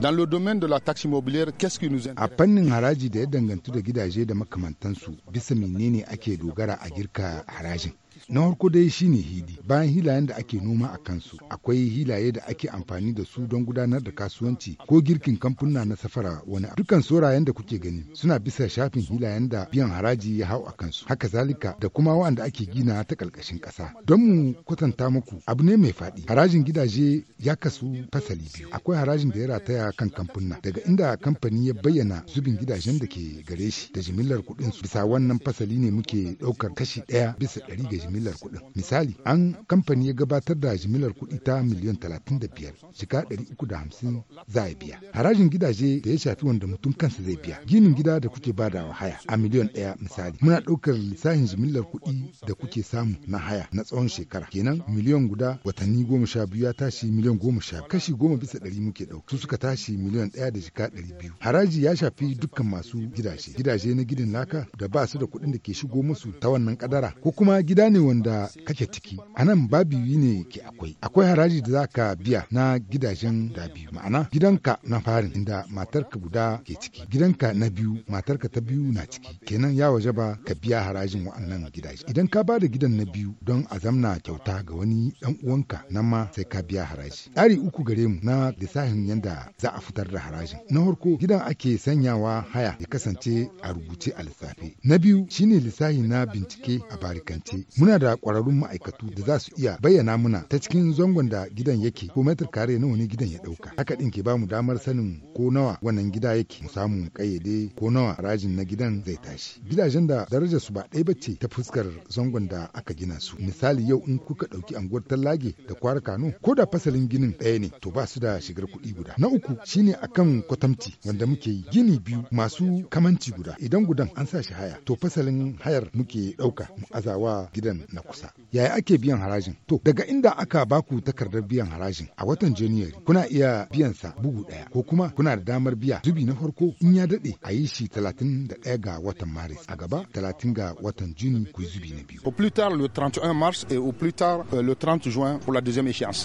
Dans le domaine de la taxe immobilière, qu'est-ce qui nous intéresse? A fannin haraji da ya danganta da gidaje da makamantansu, bisa menene ake dogara a girka harajin? Na farko dai shine hili. Bayan hilayen da ake noma a kansu, akwai hilaye da ake amfani da su don gudanar da kasuwanci ko girkin kamfuna na safara wani. Dukkan saurayen da kuke gani suna bisa shafin hilayen da biyan haraji ya hau a kansu. Haka zalika da kuma wanda ake gina ta karkashin ƙasa. Don mu kwatanta muku abu ne mai faɗi. Harajin gidaje ya kasu fasali biyu. Akwai harajin da ya rataya kan kamfuna daga inda kamfani ya bayyana zubin gidajen da ke gare shi da jimillar su. Bisa wannan fasali ne muke ɗaukar kashi ɗaya bisa ɗari ga jimillar kuɗin. Misali, an kamfani ya gabatar da jimillar kuɗi ta miliyan 35, shika 350 za a biya. Harajin gidaje da ya shafi wanda mutum kansa zai biya. Ginin gida da kuke badawa haya a miliyan ɗaya misali. Muna ɗaukar lissafin jimillar kuɗi da kuke samu na haya na tsawon shekara. Kenan miliyan guda watanni goma sha biyu ya tashi miliyan goma sha kashi goma bisa ɗari muke ɗauka. Su suka tashi miliyan ɗaya da shika ɗari biyu. Haraji ya shafi dukkan masu gidaje. Gidaje na gidin laka da ba su da kuɗin da ke shigo musu ta wannan kadara ko kuma gida ne ne wanda kake ciki a nan babi ne ke akwai akwai haraji da za ka biya na gidajen da biyu ma'ana gidanka na farin inda matarka guda ke ciki gidanka na biyu matarka ta biyu na ciki kenan ya waje ba ka biya harajin wa'annan gidaje idan ka ba da gidan na biyu don a zamna kyauta ga wani dan uwanka nan ma sai ka biya haraji tsari uku gare mu na lissafin yadda za a fitar da harajin na farko gidan ake sanyawa haya ya kasance a rubuce a lissafi. na biyu shine lissafi na bincike a barikance Muna da ƙwararrun ma'aikatu da za su iya bayyana muna ta cikin zangon da gidan yake ko metar kare nawa ne gidan ya ɗauka. Haka ɗin ke ba mu damar sanin ko nawa wannan gida yake mu samu ƙayyade ko nawa rajin na gidan zai tashi. Gidajen da darajar su ba ɗaya bace ta fuskar zangon da aka gina su. Misali yau in kuka ɗauki anguwar Tallage da Kwara Kano ko da fasalin ginin ɗaya ne to ba su da shigar kuɗi guda. Na uku shine akan kwatamti wanda muke yi gini biyu masu kamanci guda idan gudan an sa shi haya to fasalin hayar muke ɗauka mu azawa gidan miliyan na kusa yaya ake biyan harajin to daga inda aka baku takardar biyan harajin a watan janairu kuna iya biyan sa bugu daya ko kuma kuna da damar biya zubi na farko in ya dade a yi shi 31 ga watan maris a gaba 30 ga watan juni ku zubi na biyu au plus tard le 31 mars et au plus tard euh, le 30 juin pour la deuxième échéance